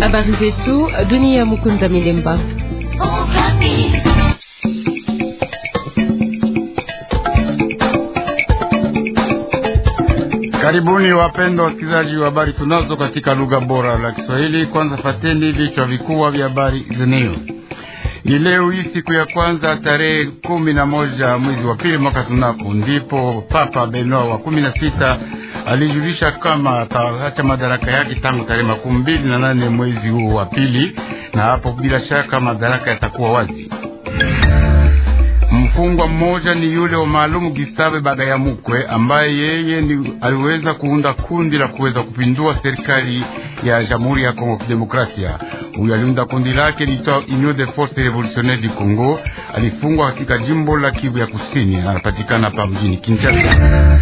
Habari zetu dunia. Mukunda Milemba. Karibuni wapendwa wasikilizaji wa habari tunazo katika lugha bora la Kiswahili. Kwanza fateni vichwa vikubwa vya habari zeneo ni leo hii siku ya kwanza tarehe kumi na moja mwezi wa pili mwaka tunapo ndipo Papa Benoa wa kumi na sita alijulisha kama ataacha madaraka yake tangu tarehe makumi mbili na nane mwezi huu wa pili, na hapo bila shaka madaraka yatakuwa wazi. Mfungwa mmoja ni yule wa maalumu Gisabe Bagayamukwe ambaye yeye ni aliweza kuunda kundi la kuweza kupindua serikali ya Jamhuri ya Kongo Kidemokrasia huyo aliunda kundi lake litwa Union de force revolutionnaire du Congo. Alifungwa katika jimbo la Kivu ya Kusini, anapatikana pa mjini Kinshasa.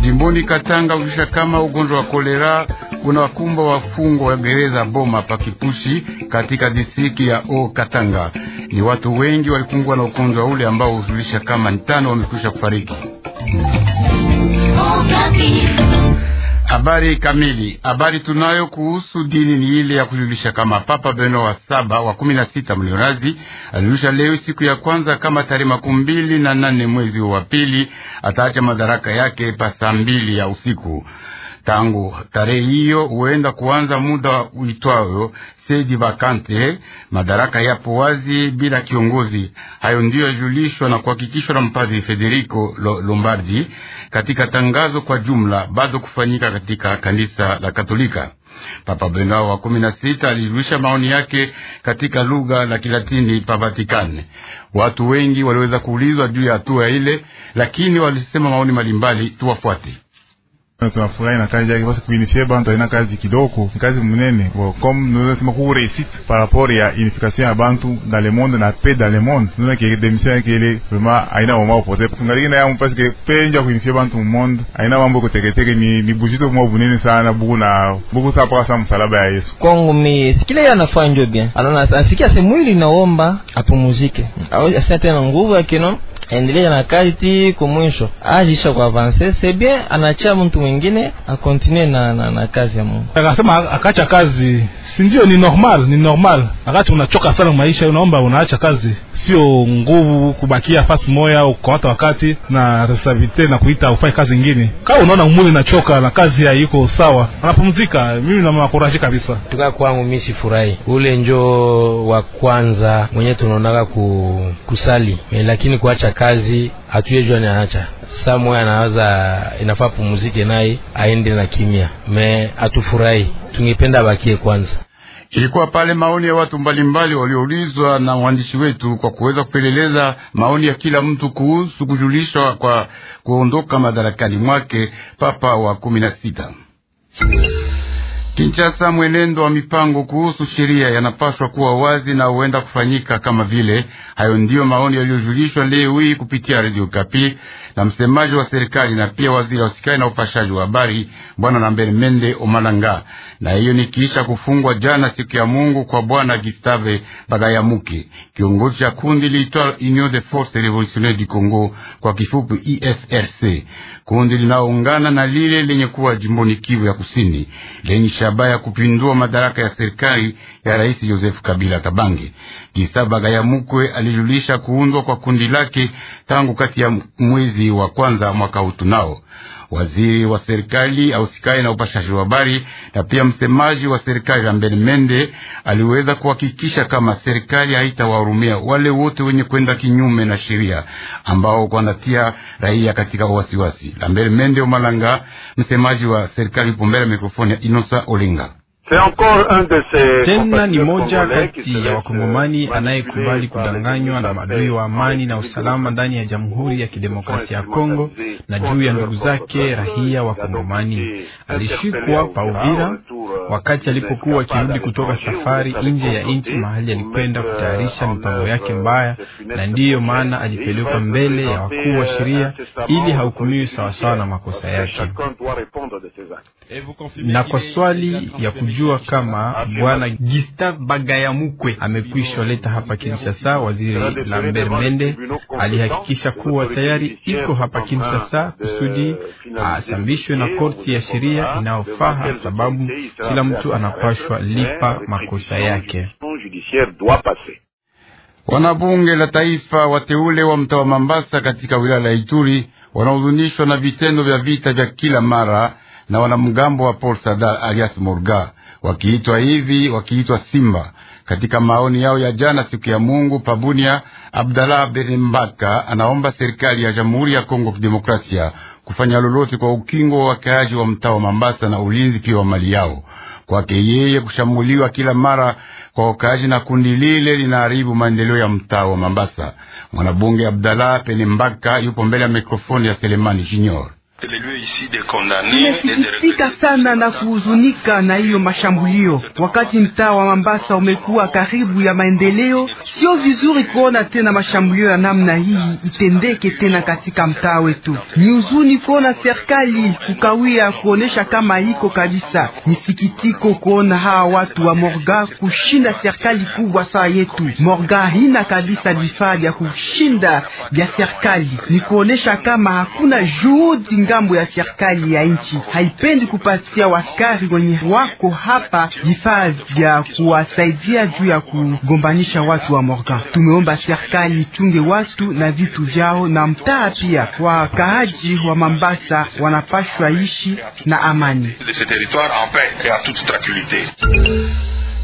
Jimboni Katanga ulisha kama ugonjwa wa kolera kuna wakumba wafungwa wa gereza Boma pa Kipushi katika distriki ya O Katanga. Ni watu wengi walifungwa na ugonjwa ule ambao ulisha kama ntano wamekwisha kufariki. Oh, Habari kamili. Habari tunayo kuhusu dini ni ile ya kujulisha kama Papa Beno wa saba wa kumi na sita mliorazi alijulisha leo siku ya kwanza kama tarehe makumi mbili na nane mwezi wa pili ataacha madaraka yake pa saa mbili ya usiku. Tangu tarehe hiyo huenda kuanza muda uitwayo sedi vacante, madaraka yapo wazi bila kiongozi. Hayo ndiyo yajulishwa na kuhakikishwa na mpadri Federico Lombardi katika tangazo kwa jumla bado kufanyika katika kanisa la Katolika. Papa Bengao wa kumi na sita alijulisha maoni yake katika lugha la Kilatini pa Vatikani. Watu wengi waliweza kuulizwa juu ya hatua ile, lakini walisema maoni mbalimbali. Tuwafuate. Eh, tunafurahi na kazi yake basi kuinifie bantu aina kazi kidogo, ni kazi mnene comme nous sema ku réussite par rapport ya unification ya bantu dans le monde na paix dans le monde nous que démission yake ile vraiment aina mambo pote kungali na yamu parce que penja kuinifie bantu mu monde aina mambo kuteketeke ni ni bujito mwa bunene sana buku na buku sapa sana msalaba ya Yesu kwangu mi sikile yeye anafanya ndio bien anaona asikia semwili naomba apumuzike au asante na nguvu yake no endelea na kazi ti kumwisho ajisha kwa c'est bien anachia mtu mwingine akontinue na, na, na kazi ya Mungu. Akasema akacha kazi, si ndio? Ni normal, ni normal. Akati unachoka sana maisha, unaomba unaacha kazi, sio nguvu kubakia fasi moya ukamata wakati na resavite na kuita ufanye kazi ingine. Kama unaona mwili nachoka na kazi haiko sawa, anapumzika. Mimi namakuraji kabisa, tukaa kwangu mimi sifurahi. Ule njo wa kwanza mwenye tunaonaka ku, kusali eh, lakini kuacha kazi jua ni anaacha samwe, anawaza inafaa pumuzike naye aende na kimya, me hatufurahi, tungependa abakie kwanza. Ilikuwa pale maoni ya watu mbalimbali walioulizwa na mwandishi wetu kwa kuweza kupeleleza maoni ya kila mtu kuhusu kujulishwa kwa kuondoka madarakani mwake papa wa kumi na sita kinchasa mwenendo wa mipango kuhusu sheria yanapaswa kuwa wazi na huenda kufanyika kama vile. Hayo ndiyo maoni yaliyojulishwa leo hii kupitia redio Kapi na msemaji wa serikali na pia waziri wa usikai na upashaji wa habari bwana Lambert Mende Omalanga, na hiyo ni kiisha kufungwa jana siku ya Mungu kwa bwana Gustave Bagayamuke, kiongozi cha kundi liitwa Union de Force Revolutionnaire du Congo, kwa kifupi EFRC, kundi linaoungana na lile lenye kuwa jimboni Kivu ya Kusini lenye shabaha ya kupindua madaraka ya serikali ya Rais Joseph Kabila Kabange. Gisaba Gayamukwe alijulisha kuundwa kwa kundi lake tangu kati ya mwezi wa kwanza mwaka utunao. Waziri wa serikali ausikaye na upashaji wa habari na pia msemaji wa serikali Lambert Mende aliweza kuhakikisha kama serikali haitawahurumia wale wote wenye kwenda kinyume na sheria ambao kuanatia raia katika wasiwasi. Lambert Mende Omalanga, msemaji wa serikali, yupo mikrofoni ya Inosa Olinga. Tena ni moja kati ya wakongomani euh, anayekubali kudanganywa na maadui wa amani na usalama ndani ya Jamhuri ya Kidemokrasia ya Kongo na juu ya ndugu zake rahia wakongomani. Alishikwa pa Uvira euh, wakati alipokuwa akirudi kutoka safari nje ya nchi, mahali alikwenda kutayarisha mipango yake mbaya, na ndiyo maana alipelekwa mbele ya wakuu wa euh, sheria ili hahukumiwi sawasawa na makosa yake. Na kwa swali ya kujua kama bwana Gustave Bagayamukwe amekwisha leta hapa Kinshasa. Waziri Lambert Mende alihakikisha kuwa tayari iko hapa Kinshasa kusudi uh, asambishwe na korti ya sheria inayofaa, sababu kila mtu anapashwa lipa makosa yake. Wanabunge la taifa wateule wa mtaa wa Mambasa katika wilaya la Ituri wanahuzunishwa na vitendo vya vita vya kila mara na wanamgambo wa Paul Sadar alias Morga wakiitwa hivi, wakiitwa simba. Katika maoni yao ya jana siku ya Mungu Pabunia, Abdallah Berembaka anaomba serikali ya Jamhuri ya Kongo Kidemokrasia kufanya lolote kwa ukingo wa wakaaji wa mtaa wa Mambasa na ulinzi pia wa mali yao. Kwake yeye kushambuliwa kila mara kwa wakaaji na kundi lile linaharibu maendeleo ya mtaa wa Mambasa. Mwanabunge Abdallah Penembaka yupo mbele ya mikrofoni ya Selemani Junior. Tumesikitika sana na kuhuzunika na hiyo mashambulio. Wakati mtaa wa Mambasa umekuwa karibu ya maendeleo, sio vizuri kuona tena mashambulio ya namna hii itendeke tena katika mtaa wetu. Ni huzuni kuona serikali kukawia kuonesha kama iko kabisa. Ni sikitiko kuona hawa watu wa Morga kushinda serikali kubwa saa yetu. Morga hina kabisa vifaa vya kushinda vya serikali, ni kuonesha kama hakuna juhudi ngambo ya serikali ya nchi haipendi kupatia waskari wenye wako hapa vifaa vya kuwasaidia juu ya kugombanisha watu wa Morgan. Tumeomba serikali ichunge watu na vitu vyao na mtaa pia. Wakaaji wa Mambasa wanapashwa ishi na amani.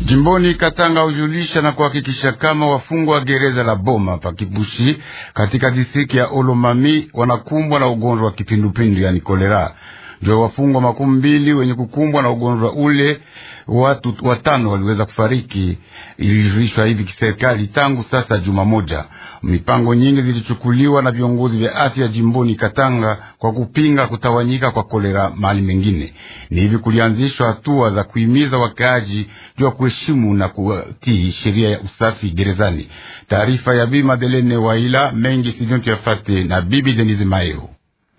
Jimboni Katanga hujulisha na kuhakikisha kama wafungwa wa gereza la Boma pa Kibushi katika distrikti ya Olomami wanakumbwa na ugonjwa wa kipindupindu yani kolera juu ya wafungwa makumi mbili wenye kukumbwa na ugonjwa ule, watu watano waliweza kufariki, ilijulishwa hivi kiserikali tangu sasa juma moja. Mipango nyingi zilichukuliwa na viongozi vya afya jimboni Katanga kwa kupinga kutawanyika kwa kolera mali mengine. Ni hivi kulianzishwa hatua za kuhimiza wakaaji juu ya kuheshimu na kutii sheria ya usafi gerezani. Taarifa ya Bi Madelene Waila mengi sijonto yafate na Bibi Denise Maeo.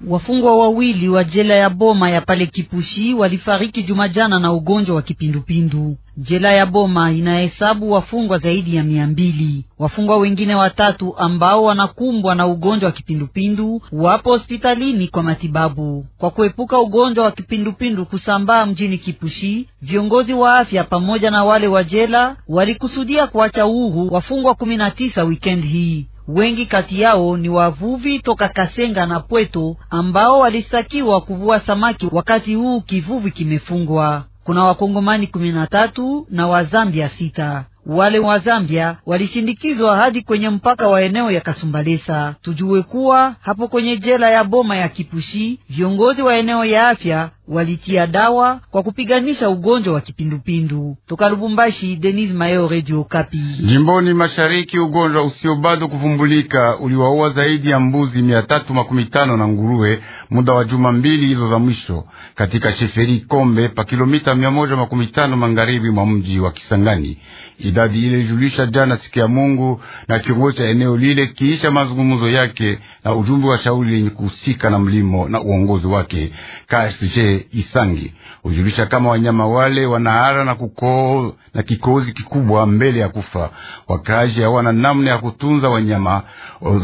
Wafungwa wawili wa jela ya Boma ya pale Kipushi walifariki Jumajana na ugonjwa wa kipindupindu. Jela ya Boma inahesabu wafungwa zaidi ya mia mbili. Wafungwa wengine watatu ambao wanakumbwa na ugonjwa wa kipindupindu wapo hospitalini kwa matibabu. Kwa kuepuka ugonjwa wa kipindupindu kusambaa mjini Kipushi, viongozi wa afya pamoja na wale wa jela walikusudia kuacha uhu wafungwa 19 weekend hii. Wengi kati yao ni wavuvi toka Kasenga na Pweto ambao walisakiwa kuvua samaki wakati huu kivuvi kimefungwa. Kuna wakongomani kumi na tatu na wazambia sita. Wale wa Zambia walishindikizwa hadi kwenye mpaka wa eneo ya Kasumbalesa. Tujue kuwa hapo kwenye jela ya Boma ya Kipushi, viongozi wa eneo ya afya walitia dawa kwa kupiganisha ugonjwa wa kipindupindu. Toka Lubumbashi, Denis Mayo, Redio Kapi. Jimboni mashariki, ugonjwa usio bado kuvumbulika uliwaua zaidi ya mbuzi mia tatu makumi tano na nguruwe muda wa juma mbili hizo za mwisho katika sheferi Kombe pa kilomita mia moja makumi tano magharibi mwa mji wa Kisangani. Idadi ile ilijulisha jana siku ya Mungu na kiongozi cha eneo lile kiisha mazungumzo yake na ujumbe wa shauri lenye kuhusika na mlimo na uongozi wake Kashe Isangi hujulisha kama wanyama wale wanahara na, kuko, na kikozi kikubwa mbele ya kufa. Wakazi hawana namna ya kutunza wanyama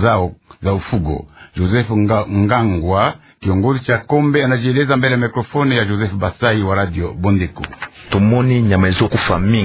zao za ufugo. Joseph Nga, Ngangwa Kiongozi cha kombe anajieleza mbele ya mikrofoni ya Joseph Basai wa Radio Bondeko.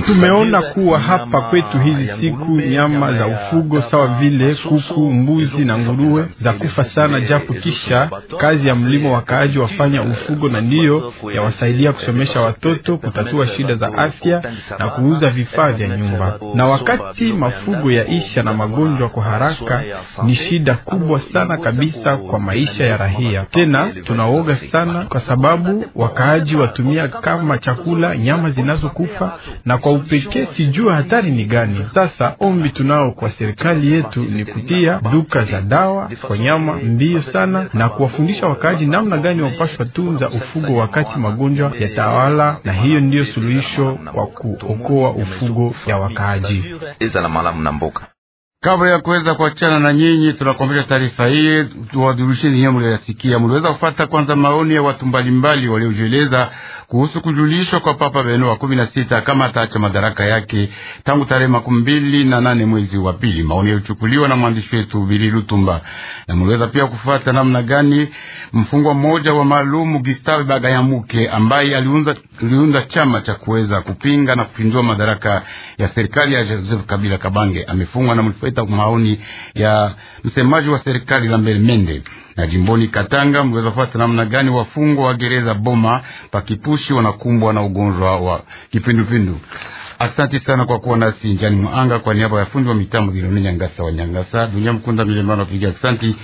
Tumeona kuwa hapa kwetu hizi siku nyama za ufugo sawa vile kuku, mbuzi na nguruwe za kufa sana, japo kisha kazi ya mlimo wakaaji wafanya ufugo na ndiyo yawasaidia kusomesha watoto, kutatua shida za afya na kuuza vifaa vya nyumba. Na wakati mafugo ya isha na magonjwa kwa haraka, ni shida kubwa sana kabisa kwa maisha ya rahia tena tunaoga sana, kwa sababu wakaaji watumia kama chakula nyama zinazokufa, na kwa upekee sijua hatari ni gani. Sasa ombi tunao kwa serikali yetu ni kutia duka za dawa kwa nyama mbio sana, na kuwafundisha wakaaji namna gani wapashwa tunza ufugo wakati magonjwa yatawala, na hiyo ndiyo suluhisho kwa kuokoa ufugo ya wakaaji. Kabla ya kuweza kuachana na nyinyi, tunakomesha taarifa hii, tuwadurusheni hiyo mliyoyasikia. Mliweza kufata kwanza maoni ya watu mbalimbali waliojieleza kuhusu kujulishwa kwa Papa Beno wa kumi na sita kama ataacha madaraka yake tangu tarehe makumi mbili na nane mwezi wa pili. Maoni yalichukuliwa na mwandishi wetu Bili Lutumba na mliweza pia kufuata namna gani mfungwa mmoja wa maalumu Gustave Bagayamuke ambaye aliunza, aliunda chama cha kuweza kupinga na kupindua madaraka ya serikali ya Joseph Kabila Kabange amefungwa na mlifeta maoni ya msemaji wa serikali Lambert Mende. Na jimboni Katanga, mliweza kufuata namna gani wafungwa wa gereza Boma pakipushi wanakumbwa na ugonjwa wa kipindupindu? Asante sana kwa kuwa nasi njani mwanga, kwa niaba ya fundi wa mitambo Diloni Nyangasa wa Nyangasa, Dunia Mkunda Milemano wapiga asante,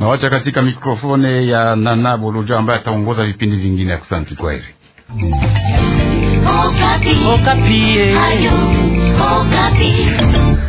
na wacha katika mikrofone ya Nana Boloja ambaye ataongoza vipindi vingine. Asante, kwa heri. Okapi. Okapi. Eh. Okapi.